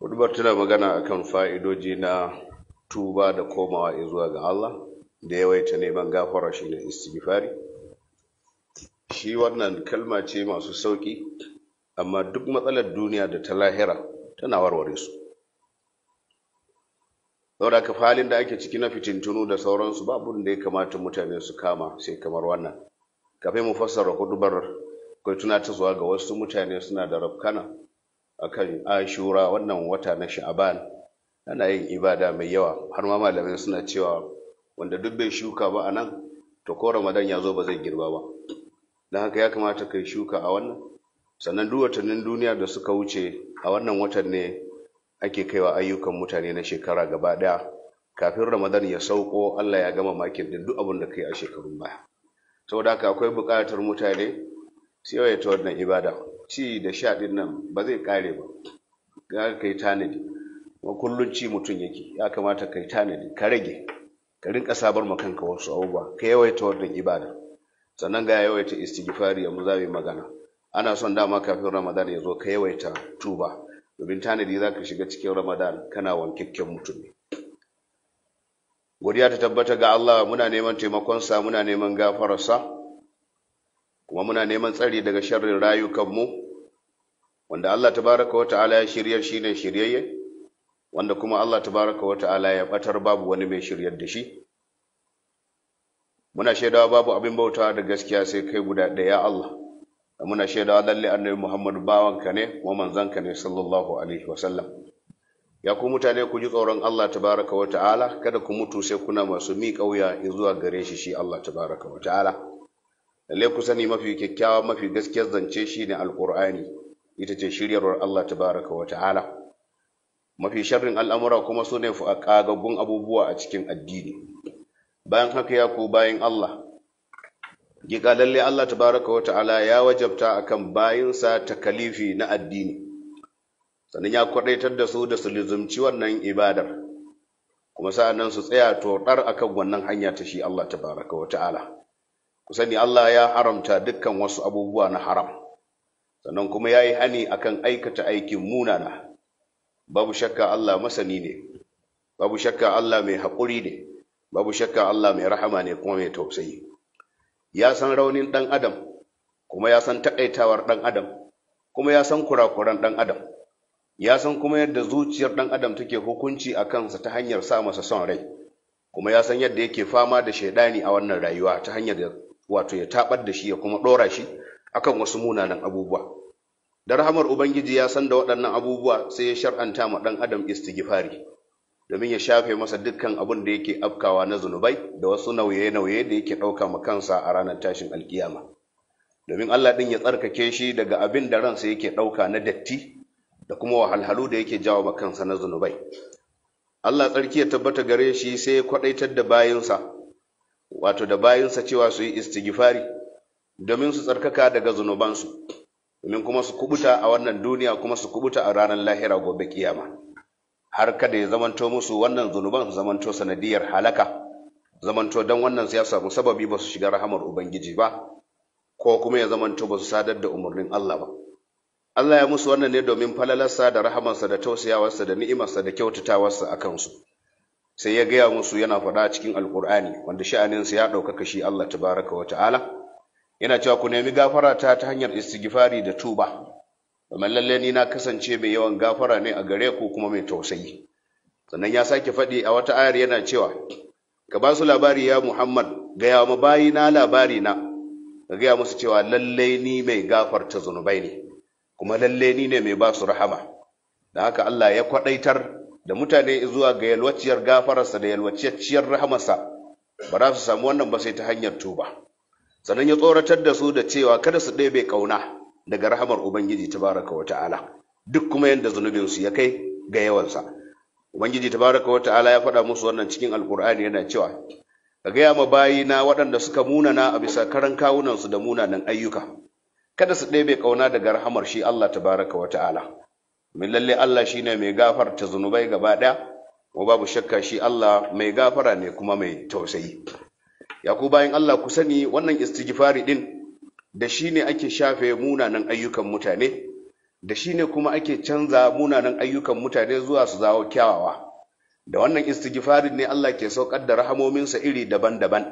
Hudubar tana magana a kan fa'idoji na tuba da komawa zuwa ga Allah da yawaita neman gafara shi ne istighfari. Shi wannan kalma ce masu sauƙi, amma duk matsalar duniya da ta lahira tana warware su. Saboda ka halin da ake ciki na fitintunu da sauransu babu da ya kamata mutane su kama sai kamar wannan. Kafin mu fassara hudubar kai zuwa ga wasu mutane suna da rafkana. akan ashura wannan wata na sha'aban ana yin ibada mai yawa har ma malamai suna cewa wanda duk bai shuka ba a nan to ko ramadan ya zo ba zai girba ba don haka ya kamata kai shuka a wannan sannan duk watannin duniya da suka wuce a wannan watan ne ake kaiwa ayyukan mutane na shekara gaba daya kafin ramadan ya sauko allah ya gama makin da duk abin da kai a shekarun baya saboda haka akwai buƙatar mutane su yawaita wannan ibada ci da sha ɗin nan ba zai ƙare ba ga kai tanadi Ma kullum ci mutum yake ya kamata ka yi tanadi ka rage ka rinka sabar ma kanka wasu abubuwa ka yawaita wannan ibada sannan ga yawaita istighfari yanzu za mu magana ana son dama kafin ramadan ya zo ka yawaita tuba domin tanadi za ka shiga cikin ramadan kana wankakken mutum ne godiya ta tabbata ga Allah muna neman taimakonsa muna neman gafararsa kuma muna neman tsari daga sharrin rayukanmu wanda Allah tabaraka wa ta'ala ya shiryar shine shiryayye wanda kuma Allah tabaraka wa ta'ala ya batar babu wani mai shiryar da shi muna shaidawa babu abin bauta da gaskiya sai kai guda ɗaya Allah da muna shaidawa lalle annabi Muhammadu bawanka ne wa manzanka ne sallallahu alaihi wa sallam ya ku mutane ku ji tsoron Allah tabaraka wa ta'ala kada ku mutu sai kuna masu miƙa wuya zuwa gare shi shi Allah tabaraka wa ta'ala lalle ku sani mafi kyakkyawa mafi gaskiyar zance shi ne Alƙur'ani. ita ce shiryarwar Allah baraka wa ta'ala mafi sharrin al'amura kuma su ne kagaggun abubuwa a cikin addini bayan haka ya ku bayan Allah giga lalle Allah baraka wa ta'ala ya wajabta akan ta kalifi na addini sannan ya kwadaitar da su da su lizumci wannan ibadar kuma sa'annan su tsaya toɗar akan wannan hanya ta shi Allah baraka wa ta'ala kusani Allah ya haramta dukkan wasu abubuwa na haram sannan kuma ya yi hani akan aikata aikin munana babu shakka Allah masani ne babu shakka Allah mai haƙuri ne babu shakka Allah mai rahama ne kuma mai tausayi ya san raunin ɗan adam kuma ya san taƙaitawar ɗan adam kuma ya san kurakuran ɗan adam ya san kuma yadda zuciyar ɗan adam take hukunci a kansa ta hanyar sa masa son rai kuma ya san yadda yake fama da shaidani a wannan rayuwa ta hanyar wato ya tabar da shi ya kuma ɗora shi akan wasu munanan abubuwa da rahamar ubangiji ya san da waɗannan abubuwa sai ya shar'anta ma ɗan adam istighfari domin ya shafe masa dukkan abin da yake afkawa na zunubai da wasu nauye-nauye da yake ɗauka ma kansa a ranar tashin alkiyama domin Allah ɗin ya tsarkake shi daga abin da ransa yake ɗauka na datti da kuma wahalhalu da yake jawo ma kansa na zunubai Allah tsarki ya tabbata gare shi sai ya kwaɗaitar da bayansa wato da bayansa cewa su yi istighfari domin su tsarkaka daga zunubansu domin kuma su kubuta a wannan duniya kuma su kubuta a ranar lahira gobe kiyama har kada ya zamanto musu wannan zunuban su zamanto sanadiyar halaka zamanto don wannan su ya samu sababi ba su shiga rahamar ubangiji ba ko kuma ya zamanto ba su sadar da umarnin Allah ba Allah ya musu wannan ne domin falalarsa da rahamarsa da tausayawarsa da ni'imarsa da kyautatawarsa a kansu sai ya gaya musu yana faɗa cikin Alƙur'ani, wanda sha'aninsa ya ɗaukaka shi Allah tabaraka wa ta'ala yana cewa ku nemi gafara ta ta hanyar istighfari da tuba domin lalle ni na kasance mai yawan gafara ne a gare ku kuma mai tausayi sannan ya sake faɗi a wata ayar yana cewa ka ba su labari ya Muhammad gaya ma bayi na labari na ka gaya musu cewa lalle ni mai gafarta zunubai ne kuma lalle ni ne mai ba su rahama da haka Allah ya kwaɗaitar da mutane zuwa ga yalwaciyar gafararsa da yalwaciyar rahamarsa ba za su samu wannan ba sai ta hanyar tuba sannan ya tsoratar da su da cewa kada su ɗebe ƙauna daga rahamar ubangiji tabaraka wa ta'ala duk kuma yadda zunubinsu ya kai ga yawansa ubangiji tabaraka wa ta'ala ya faɗa musu wannan cikin alkur'ani yana cewa ka gaya ma bayina waɗanda suka munana a bisa karan kawunansu da munanan ayyuka kada su ɗebe ƙauna daga rahamar shi Allah tabaraka wa ta'ala domin lalle Allah shine mai gafarta zunubai gaba ɗaya kuma babu shakka shi Allah mai gafara ne kuma mai tausayi ya ku bayan Allah ku sani wannan istighfari din da shine ake shafe munanan ayyukan mutane da shine kuma ake canza munanan ayyukan mutane zuwa su zawo kyawawa da wannan istighfarin ne Allah ke saukar da rahamominsa iri daban-daban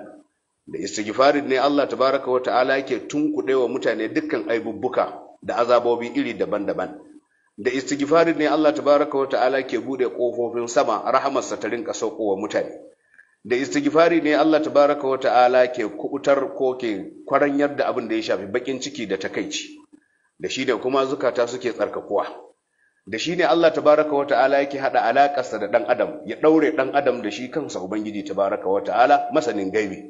da istighfarin ne Allah tabaraka wa ta'ala yake tunkuɗe wa mutane dukkan aibubbuka da azabobi iri daban-daban da istighfarin ne Allah tabaraka wa ta'ala ke bude kofofin sama sa ta rinka saukowa mutane da istighfari ne Allah tabaraka wa ta'ala ke kubutar ko ke kwaranyar da abin da ya shafi bakin ciki da takaici da shi ne kuma zukata suke tsarkakuwa da shi ne Allah tabaraka wa ta'ala yake hada alakarsa da dan adam ya daure dan adam da shi kansa ubangiji tabaraka wa ta'ala masanin gaibi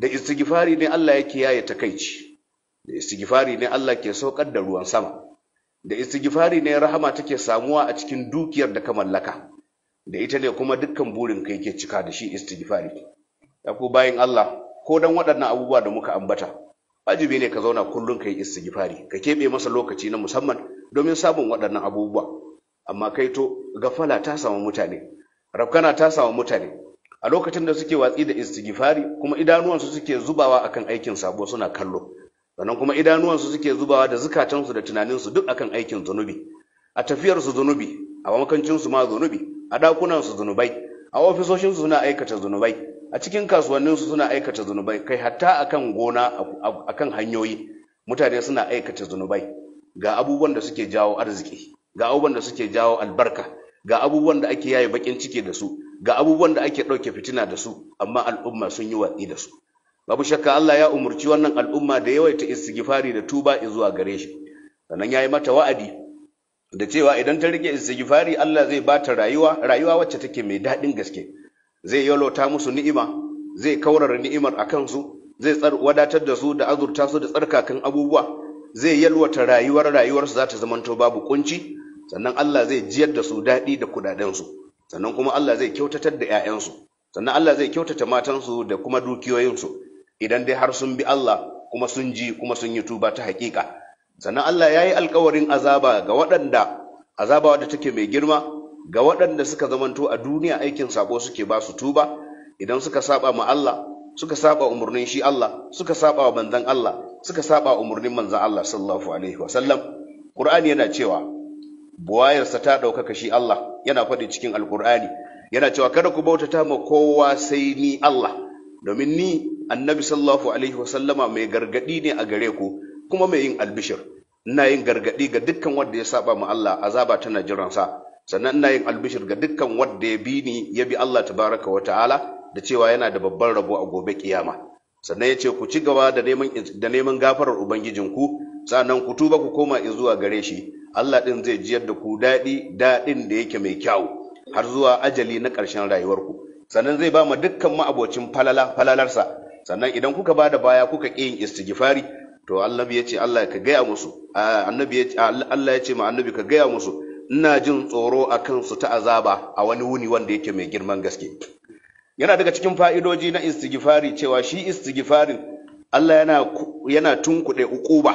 da istighfari ne Allah yake yaye takaici da istighfari ne Allah ke saukar da ruwan sama da istighfari ne rahama take samuwa a cikin dukiyar da ka mallaka da ita ne kuma dukkan burin ka yake cika da shi istighfari ya ku bayin Allah ko dan waɗannan abubuwa da muka ambata wajibi ne ka zauna kullum ka yi istighfari ka keɓe masa lokaci na musamman domin samun waɗannan abubuwa amma kai to gafala ta samu mutane rafkana ta samu mutane a lokacin da suke watsi da istighfari kuma idanuwansu suke zubawa akan aikin sabo suna kallo sannan kuma idanuwansu suke zubawa da zukatansu da tunaninsu duk akan aikin zunubi a tafiyarsu zunubi a su ma zunubi a ɗakunansu zunubai a ofisoshinsu suna aikata zunubai a cikin kasuwanninsu suna aikata zunubai kai hatta akan gona akan hanyoyi mutane suna aikata zunubai ga abubuwan da suke jawo arziki ga abubuwan da suke jawo albarka ga abubuwan da ake yaye bakin ciki da su ga abubuwan da ake ɗauke fitina da su amma al'umma sun yi watsi da su babu shakka Allah ya umurci wannan al'umma da yawaita istighfari da tuba zuwa gare shi sannan yayi mata wa'adi da cewa idan ta rike istighfari Allah zai bata rayuwa rayuwa wacce take mai daɗin gaske zai yalota musu ni'ima zai kaurara ni'imar akan su zai wadatar da su da azurta su da tsarkakan abubuwa zai yalwata rayuwar rayuwarsu za ta zamanto babu kunci sannan Allah zai jiyar da su daɗi da kuɗaɗensu sannan kuma Allah zai kyautatar da 'ya'yansu sannan Allah zai kyautata matansu da kuma dukiyoyinsu idan dai har sun bi Allah kuma sun ji kuma sun yi tuba ta hakika sannan Allah ya yi alkawarin azaba ga waɗanda azaba wadda take mai girma ga waɗanda suka zamanto a duniya aikin sabo suke ba su tuba idan suka saba ma Allah suka saba umarnin shi Allah suka saba wa manzon Allah suka saba umarnin manzon Allah sallallahu alaihi wasallam Qur'ani yana cewa buwayarsa ta ɗaukaka shi Allah yana faɗi cikin alkur'ani yana cewa kada ku bautata ma kowa sai ni Allah domin ni annabi sallallahu alaihi wasallama mai gargadi ne a gare ku kuma mai yin albishir ina yin gargadi ga dukkan wanda ya saba ma Allah azaba tana jiransa sannan ina yin albishir ga dukkan wanda ya bi ni ya bi Allah tabaraka wa ta'ala da cewa yana da babban rabo a gobe kiyama sannan ya ce ku ci gaba da neman da neman gafarar ubangijinku sannan ku tuba ku koma zuwa gare shi Allah din zai jiyar da ku daɗi daɗin da yake mai kyau har zuwa ajali na ƙarshen rayuwarku sannan zai ba ma dukkan ma'abocin falala falalarsa sannan idan kuka ba da baya kuka ƙi yin istighfari to annabi ya ce Allah annabi ya ce ma annabi ka gaya musu ina jin tsoro a kansu ta azaba a wani wuni wanda yake mai girman gaske yana daga cikin fa'idoji na istighfari cewa shi istighfarin Allah yana yana tunkuɗe ukuba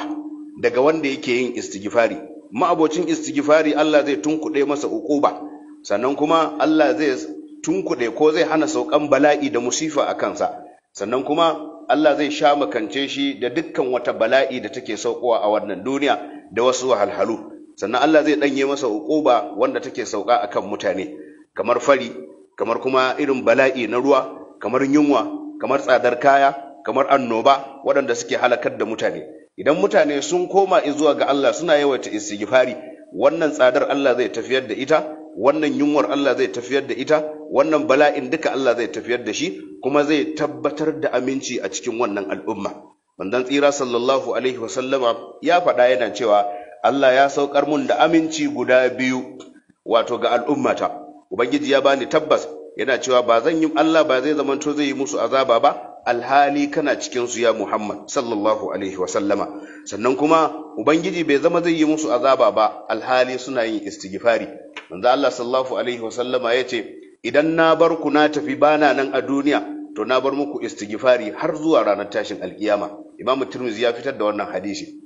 daga wanda yake yin istigifari. ma'abocin istigifari Allah zai tunkuɗe masa ukuba sannan kuma Allah zai tunkuɗe ko zai hana saukan bala'i da musifa a kansa sannan kuma Allah zai sha makance shi da dukkan wata bala'i da take saukowa a wannan duniya da wasu wahalhalu sannan Allah zai ɗanye masa uquba wanda take sauka akan mutane kamar fari kamar kuma irin bala'i na ruwa kamar yunwa kamar tsadar kaya kamar annoba waɗanda suke halakar da mutane idan mutane sun koma zuwa ga Allah suna yawaita istighfari wannan tsadar Allah zai tafiyar da ita wannan yunwar Allah zai tafiyar da ita wannan bala'in duka Allah zai tafiyar da shi kuma zai tabbatar da aminci a cikin wannan al'umma manzon tsira sallallahu alaihi wasallama ya faɗa yana cewa Allah ya saukar mun da aminci guda biyu wato ga al'ummata ubangiji ya bani tabbas yana cewa ba zan yi Allah ba zai zamanto zai yi musu azaba ba alhali kana cikin su ya Muhammad sallallahu alaihi wa sannan kuma ubangiji bai zama zai yi musu azaba ba alhali suna yin istighfari manzo Allah sallallahu alaihi wa sallama ce idan na bar ku na tafi bana nan a duniya to na bar muku istighfari har zuwa ranar tashin alkiyama Imam Tirmidhi ya fitar da wannan hadisi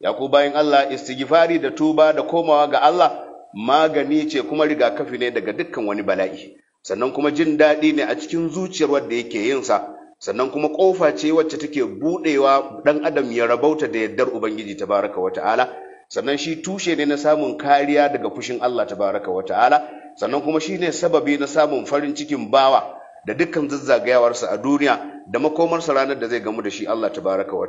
ya ku bayan Allah istighfari da tuba da komawa ga Allah magani ce kuma rigakafi ne daga dukkan wani bala'i sannan kuma jin daɗi ne a cikin zuciyar wanda yake yin sa sannan kuma kofa ce wacce take budewa dan adam ya rabauta da yaddar ubangiji tabaraka wa sannan shi tushe ne na samun kariya daga fushin Allah tabaraka wa sannan kuma shi ne sababi na samun farin cikin bawa da dukkan zazzagayawarsa a duniya da makomarsa ranar da zai gamu da shi Allah tabaraka wa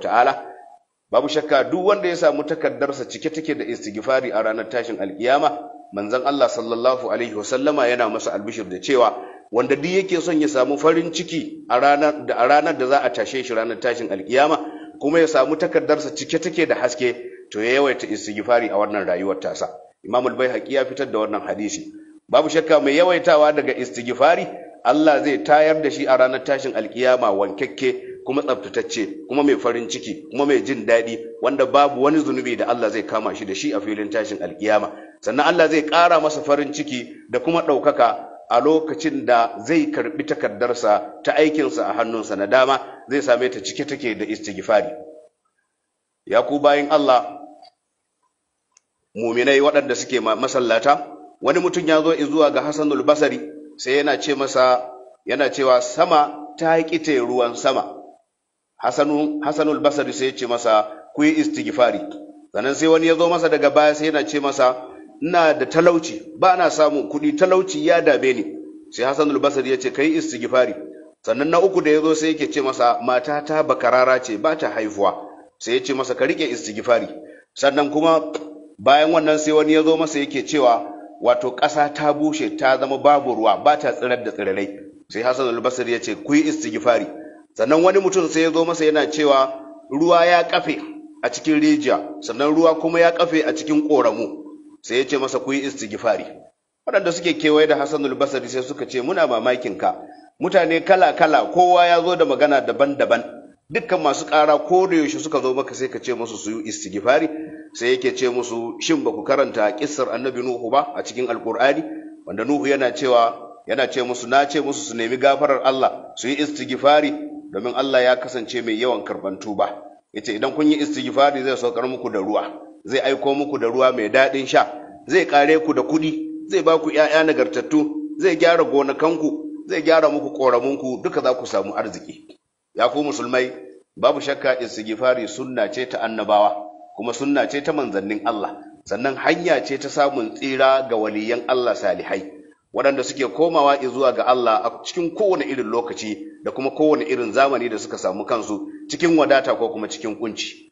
babu shakka duk wanda ya samu takaddarsa cike take da istighfari a ranar tashin alkiyama manzon Allah sallallahu alaihi wasallama yana masa albishir da cewa wanda duk yake son ya samu farin ciki a ranar da a ranar da za a tashe shi ranar tashin alkiyama kuma ya samu takardarsa cike take da haske to ya yawaita istighfari a wannan rayuwar tasa Imam al-Baihaqi ya fitar da wannan hadisi babu shakka mai yawaitawa daga istighfari Allah zai tayar da shi a ranar tashin alkiyama wankakke kuma tsaftatacce kuma mai farin ciki kuma mai jin daɗi wanda babu wani zunubi da Allah zai kama shi da shi a filin tashin alkiyama sannan Allah zai ƙara masa farin ciki da kuma ɗaukaka a lokacin da zai karbi takardarsa ta aikinsa a hannunsa na dama zai same ta cike take da istighfari ya ku bayin Allah muminai waɗanda suke masallata wani mutum ya zo zuwa ga Hassanul Basari sai yana ce masa yana cewa sama ta kite ruwan sama Hassanul Basari sai ya ce masa ku yi istighfari sannan sai wani ya zo masa daga baya sai yana ce masa ina da talauci ba na samun kuɗi talauci ya dabe ni sai Hassan al-Basri ya ce kai istighfari sannan na uku da ya zo sai yake ce masa matata bakarara ce ba ta haifuwa sai ya ce masa ka rike istighfari sannan kuma bayan wannan sai wani ya zo masa yake cewa wato ƙasa ta bushe ta zama babu ruwa ba ta tsirar da tsirrai sai Hassan al-Basri ya ce ku yi istighfari sannan wani mutum sai ya zo masa yana cewa ruwa ya kafe a cikin rijiya sannan ruwa kuma ya kafe a cikin ƙoramu sai ya ce masa ku yi istighfari waɗanda suke kewaye da Hassanul Basri sai suka ce muna mamakin ka mutane kala kala kowa ya zo da magana daban-daban dukkan masu ƙara ko da yaushe suka zo maka sai ka ce musu su yi istighfari sai yake ce musu shin ba ku karanta kissar annabi Nuhu ba a cikin Alƙur'ani wanda Nuhu yana cewa yana ce musu na ce musu su nemi gafarar Allah su yi istighfari domin Allah ya kasance mai yawan karban tuba yace idan kun yi istighfari zai saukar muku da ruwa zai aiko muku da ruwa mai daɗin sha zai kare ku da kuɗi zai ba ku ‘ya'ya nagartattu zai gyara gonakanku zai gyara muku ƙoramunku duka za ku samu arziki ya ku musulmai babu shakka istighfari sunna ce ta annabawa kuma sunna ce ta manzannin Allah sannan hanya ce ta samun tsira ga waliyan Allah salihai waɗanda suke komawa zuwa ga Allah a cikin kowane irin lokaci da kuma kowane irin zamani da suka samu kansu cikin wadata ko kuma cikin kunci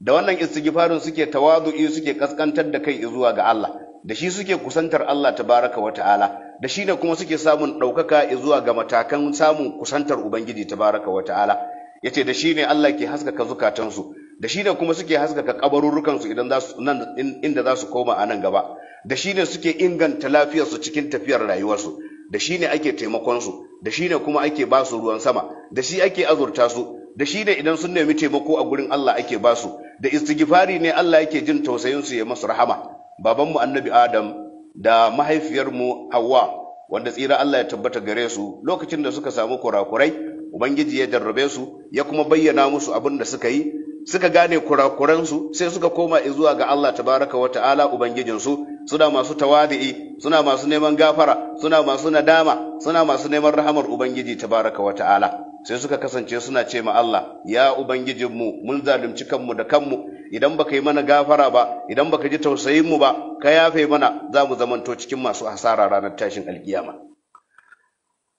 da wannan istighfarin suke tawadu'i suke kaskantar da kai zuwa ga Allah da shi suke kusantar Allah tabaraka wa ta'ala da shi ne kuma suke samun ɗaukaka zuwa ga matakan samun kusantar Ubangiji tabaraka wa ta'ala yace da shi ne Allah ke haskaka zukatansu da shi ne kuma suke haskaka kabarurrukansu idan zasu nan inda zasu koma a nan gaba da shi ne suke inganta lafiyar su cikin tafiyar rayuwarsu da shi ne ake taimakon su. da shi ne kuma ake ba su ruwan sama da shi ake azurta su da shi ne idan sun nemi taimako a gurin Allah ake basu da istighfari ne Allah yake jin tausayin su ya masu rahama babanmu annabi Adam da mahaifiyarmu hawa wanda tsira Allah ya tabbata gare su lokacin da suka samu kurakurai ubangiji ya jarrabe su ya kuma bayyana musu abin da suka yi suka gane kurakuransu sai suka koma zuwa ga Allah tabaraka wa ta'ala ubangijinsu suna masu tawadi'i suna masu neman gafara suna masu nadama suna masu neman rahamar ubangiji tabaraka wa ta'ala sai suka kasance suna ce ma Allah ya ubangijinmu mun zalunci kanmu da kanmu idan baka yi mana gafara ba idan baka ji tausayin mu ba ka yafe mana za mu zamanto cikin masu hasara ranar tashin alkiyama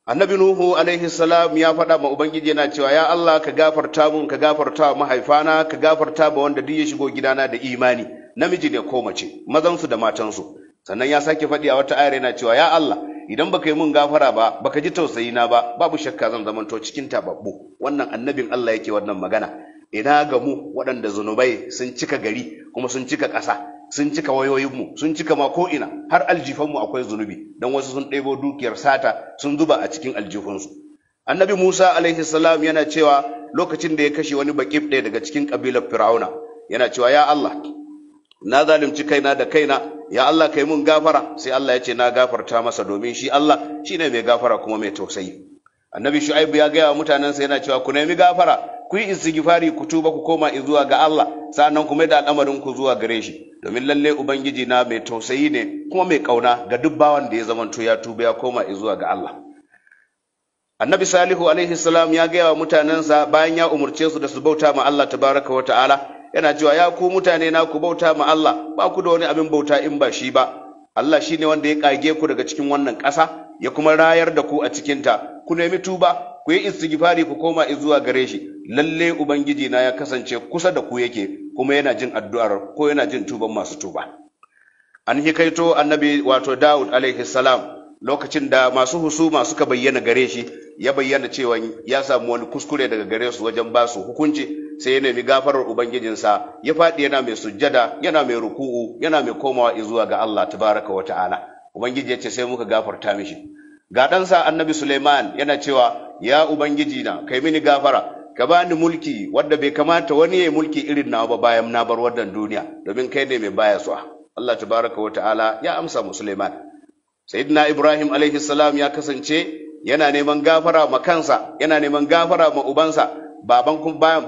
annabi nuhu alaihi salam ya faɗa ma ubangiji yana cewa ya Allah ka gafarta mun ka gafarta wa mahaifana ka gafarta ba wanda duk ya shigo gidana da imani namiji ne ko mace mazansu da matansu sannan ya sake faɗi a wata ayar yana cewa ya Allah idan baka yi mun gafara ba baka ji tausayi na ba babu shakka zan zamanto cikin tababbu wannan annabin Allah yake wannan magana ina ga mu waɗanda zunubai sun cika gari kuma sun cika ƙasa sun cika wayoyinmu sun cika ma ko'ina har aljifanmu akwai zunubi don wasu sun ɗebo dukiyar sata sun zuba a cikin aljihunsu annabi musa alaihi salam yana cewa lokacin da ya kashe wani baƙif ɗaya daga cikin ƙabilar fir'auna yana cewa ya allah na zalunci kaina da kaina ya Allah kai mun gafara sai Allah ya ce na gafarta masa domin shi Allah shine mai gafara kuma mai tausayi annabi shu'aibu ya gaya wa mutanensa yana cewa ku nemi gafara ku yi istighfari ku tuba ku koma zuwa ga Allah sannan ku da al'amarin ku zuwa gare shi domin lalle ubangiji na mai tausayi ne kuma mai kauna ga duk bawan da ya zamanto ya tuba ya koma zuwa ga Allah annabi salihu alaihi salam ya gaya wa mutanensa bayan ya umurce su da su bauta ma Allah tabaraka wa ta'ala yana cewa ya ku mutane na ku bauta ma Allah ba ku da wani abin bauta in ba shi ba Allah shine wanda ya kage ku daga cikin wannan ƙasa ya kuma rayar da ku a cikinta ku nemi tuba ku yi istighfari ku koma zuwa gare shi lalle ubangiji na ya kasance kusa da ku yake kuma yana jin addu'ar ko yana jin tuban masu tuba an hikaito annabi wato Dawud alaihi salam lokacin da masu husuma suka bayyana gare shi ya bayyana cewa ya samu wani kuskure daga gare su wajen ba su hukunci sai ya nemi gafarar ubangijinsa ya faɗi yana mai sujjada yana mai ruku'u yana mai komawa zuwa ga Allah tabaraka wa ta'ala ubangiji ya ce sai muka gafarta mishi ga ɗansa annabi Suleiman yana cewa ya ubangiji na kai mini gafara ka bani mulki wadda bai kamata wani ya mulki irin nawa ba bayan na bar wannan duniya domin kai ne mai baya suwa Allah tabaraka wa ta'ala ya amsa mu Suleiman sayyidina Ibrahim alaihi salam ya kasance yana neman gafara ma kansa yana neman gafara ma ubansa baban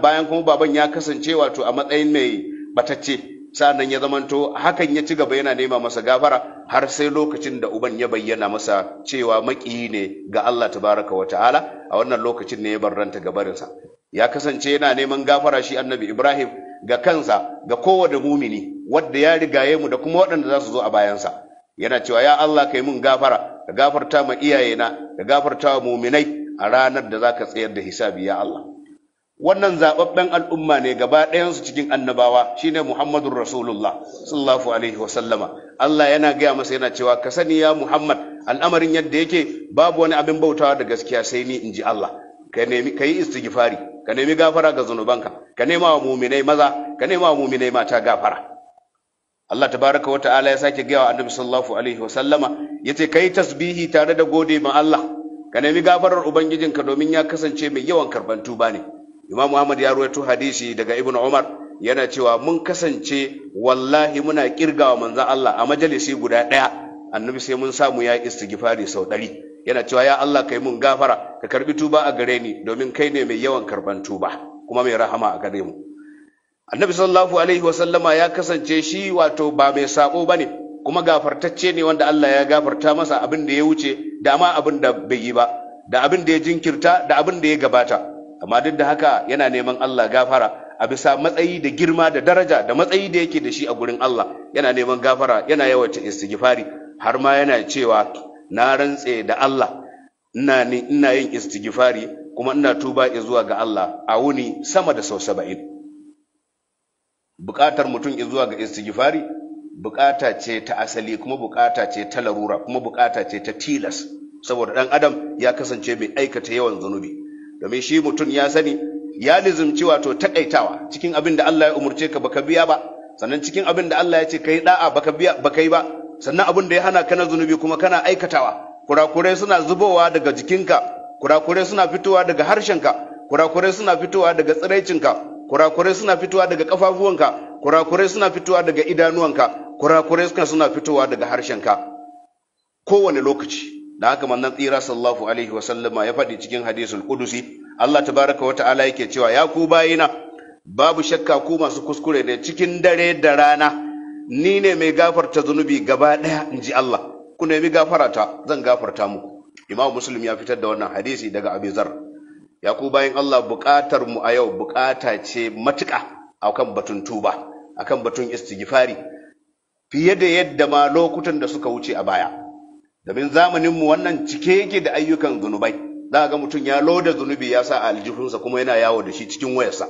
bayan kuma baban ya kasance wato a matsayin mai batacce sa'annan ya zamanto hakan ya ci gaba yana nema masa gafara har sai lokacin da uban ya bayyana masa cewa maki ne ga Allah Ta baraka wa ta'ala a wannan lokacin ne ya bar barranta gabarinsa ya kasance yana neman gafara shi annabi Ibrahim ga kansa ga kowane mumini Wadda ya rigaye mu da kuma waɗanda za su zo a bayansa yana cewa ya Allah kai mun gafara ka gafarta ma iyayena ka gafarta wa muminai a ranar da za ka tsayar da hisabi ya Allah wannan zababben al'umma ne gaba ɗayansu cikin annabawa shine Muhammadun Rasulullah sallallahu alaihi wa sallama Allah yana gaya masa yana cewa ka sani ya Muhammad al'amarin yadda yake babu wani abin bautawa da gaskiya sai ni in ji Allah ka nemi ka yi ka nemi gafara ga zunubanka ka nema wa muminai maza ka nema wa muminai mata gafara Allah tabaraka wa ta'ala ya sake gaya wa Annabi sallallahu alaihi wa sallama yace kai tasbihi tare da gode ma Allah ka nemi gafarar ubangijinka domin ya kasance mai yawan karban tuba ne imam muhammad ya ruwaito hadisi daga Ibn umar yana cewa mun kasance wallahi muna kirgawa manzon Allah a majalisi guda daya annabi sai mun samu ya istighfari sau ɗari yana cewa ya Allah kai mun gafara ka karbi tuba a gare ni domin kai ne mai yawan karban tuba kuma mai rahama a gare mu annabi sallallahu alaihi wasallama ya kasance shi wato ba mai sako bane kuma gafartacce ne wanda Allah ya gafarta masa abin da ya wuce da ma abin da bai yi ba da abin da ya jinkirta da abin da ya gabata amma duk da haka yana neman Allah gafara a bisa matsayi da girma da daraja da matsayi da yake da shi a gurin Allah yana neman gafara yana yawaita istighfari har ma yana cewa na rantse da Allah ina ne ina yin istighfari kuma ina tuba zuwa ga Allah a wuni sama da sau saba'in buƙatar mutum zuwa ga istighfari bukata ce ta asali kuma buƙata ce ta larura kuma bukata ce ta tilas saboda ɗan adam ya kasance mai aikata yawan zunubi domin shi mutum ya sani ya lizumci wato takaitawa cikin abin da Allah ya umurce ka baka biya ba sannan cikin abin da Allah ya ce kai da'a baka biya baka yi ba sannan abin da ya hana ka na zunubi kuma kana aikatawa kurakurai suna zubowa daga jikinka kurakurai suna fitowa daga harshenka kurakurai suna fitowa daga tsiraicinka kurakurai suna fitowa daga kafafuwanka kurakurai suna fitowa daga idanuwanka kurakurai suna fitowa daga harshenka kowane lokaci da haka manzon tsira sallallahu alaihi wasallama ya faɗi cikin hadisul qudusi Allah tabaraka wa ta'ala yake cewa ya ku bayina babu shakka ku masu kuskure ne cikin dare da rana ni ne mai gafarta zunubi gaba ɗaya in ji Allah ku nemi gafarata zan gafarta muku Imam Muslim ya fitar da wannan hadisi daga Abi Zar ya ku bayin Allah buƙatar mu a yau buƙata ce matuƙa akan batun tuba akan batun istighfari fiye da yadda ma lokutan da suka wuce a baya domin zamaninmu wannan cike yake da ayyukan zunubai za a ga mutum ya loda zunubi ya sa a aljihunsa kuma yana yawo da shi cikin wayarsa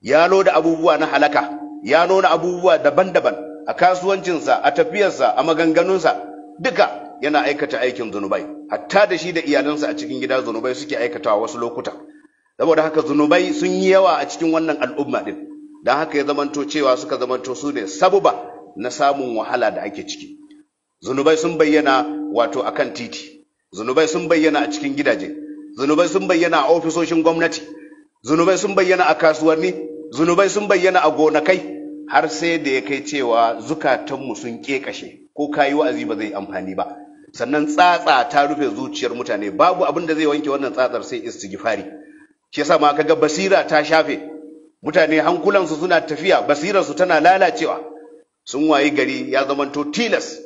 ya loda abubuwa na halaka ya nuna abubuwa daban-daban a kasuwancinsa a tafiyarsa a maganganunsa duka yana aikata aikin zunubai hatta da shi da iyalansa a cikin gida zunubai suke aikatawa wasu lokuta saboda haka zunubai sun yi yawa a cikin wannan al'umma din don haka ya zamanto cewa suka zamanto su ne sabuba na samun wahala da ake ciki zunubai sun bayyana wato akan titi zunubai sun bayyana a cikin gidaje zunubai sun bayyana a ofisoshin gwamnati zunubai sun bayyana a kasuwanni zunubai sun bayyana a gonakai har sai da ya kai cewa zukatanmu sun ƙeƙashe ko kayi wa'azi ba zai amfani ba sannan tsatsa ta rufe zuciyar mutane babu abin da zai wanke wannan tsatsar sai istighfari shi yasa ma kaga basira ta shafe mutane hankulansu suna tafiya basirarsu tana lalacewa sun wayi gari ya zamanto tilas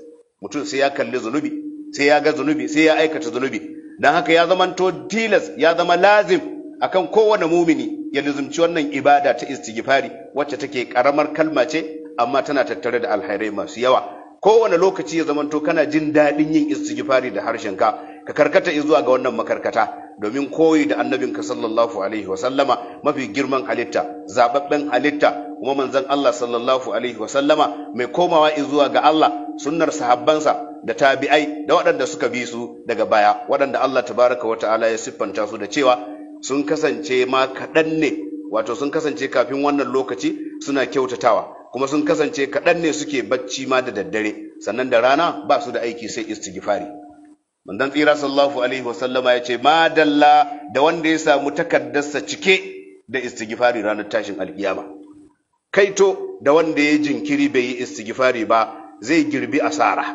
mutum sai ya kalli zunubi sai ya ga zunubi sai ya aikata zunubi Don haka ya zama to tilas ya zama lazim akan kowane mumini ya luzumci wannan ibada ta istighfari wacce take karamar kalma ce amma tana tattare da alhairai masu yawa kowane lokaci ya zamanto kana jin daɗin yin istighfari da harshenka ka karkata zuwa ga wannan makarkata domin koyi da annabinka sallallahu alaihi wa mafi girman halitta zababben halitta kuma manzan Allah sallallahu alaihi wa sallama mai komawa zuwa ga Allah sunnar sahabbansa da tabi'ai da waɗanda suka bi su daga baya waɗanda Allah ta tabaraka wata'ala ya siffanta su da cewa sun kasance ma kaɗan ne wato sun kasance kafin wannan lokaci suna kyautatawa kuma sun kasance kaɗan ne suke bacci ma da daddare sannan da rana ba su da aiki sai istighfari mandan tsira sallallahu alaihi wasallama ya ce ma dalla da wanda ya samu takardarsa cike da istighfari ranar tashin alkiyama kaito da wanda ya jinkiri bai yi istighfari ba zai girbi asara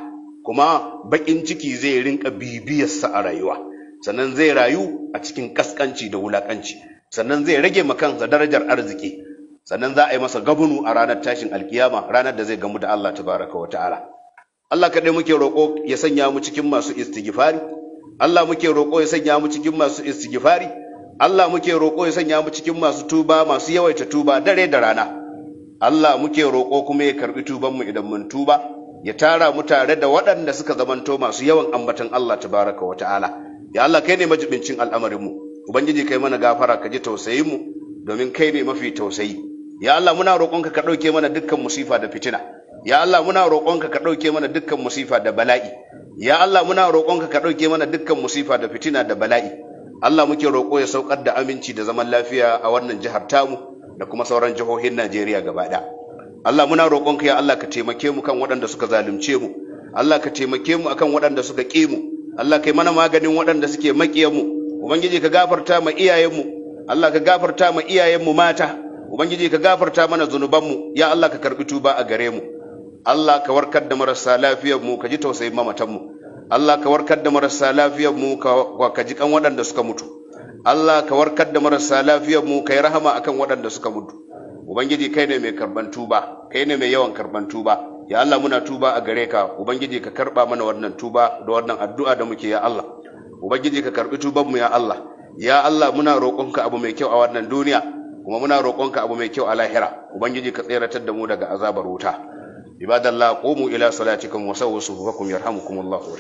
kuma bakin ciki zai rinka bibiyarsa a rayuwa sannan zai rayu a cikin kaskanci da wulakanci sannan zai rage kansa darajar arziki sannan za a yi masa gabunu a ranar tashin alkiyama ranar da zai gamu da Allah tabaraka wa ta'ala Allah kaɗai muke roƙo ya sanya mu cikin masu istighfari Allah muke roƙo ya sanya mu cikin masu istighfari Allah muke roƙo ya sanya mu cikin masu tuba masu yawaita tuba dare da rana Allah muke roƙo kuma ya karɓi mu idan mun tuba ya tara mu tare da waɗanda suka zamanto masu yawan ambatan Allah tabaraka wa ta'ala ya Allah kai ne majibincin al'amarinmu ubangiji kai mana gafara ka ji tausayin mu domin kai ne mafi tausayi ya Allah muna roƙonka ka ɗauke mana dukkan musifa da fitina ya Allah muna roƙonka ka ɗauke mana dukkan musifa da bala'i ya Allah muna roƙonka ka ɗauke mana dukkan musifa da fitina da bala'i Allah muke roƙo ya saukar da aminci da zaman lafiya a wannan jihar tamu da kuma sauran jihohin Najeriya gaba ɗaya Allah muna roƙonka ya Allah ka taimake mu kan waɗanda suka zalunce mu Allah ka taimake mu akan waɗanda suka ƙi mu Allah kai mana maganin waɗanda suke maƙiyan mu ubangiji ka gafarta ma iyayen mu Allah ka gafarta ma iyayen mu mata ubangiji ka gafarta mana zunuban mu ya Allah ka karɓi tuba a gare mu Allah ka warkar da marasa lafiyar mu ka ji tausayin mamatan mu Allah ka warkar da marasa lafiyar mu ka ji kan waɗanda suka mutu Allah ka warkar da marasa lafiyar mu kai rahama akan waɗanda suka mutu ubangiji kai ne mai karban tuba kai ne mai yawan karban tuba ya Allah muna tuba a gare ka ubangiji ka karba mana wannan tuba da wannan addu'a da muke ya Allah ubangiji ka karbi tuban mu ya Allah ya Allah muna roƙonka abu mai kyau a wannan duniya kuma muna roƙonka abu mai kyau a lahira ubangiji ka tseratar da mu daga azabar wuta ibadallah qumu ila salatikum wa sawwu sufufakum yarhamukumullahu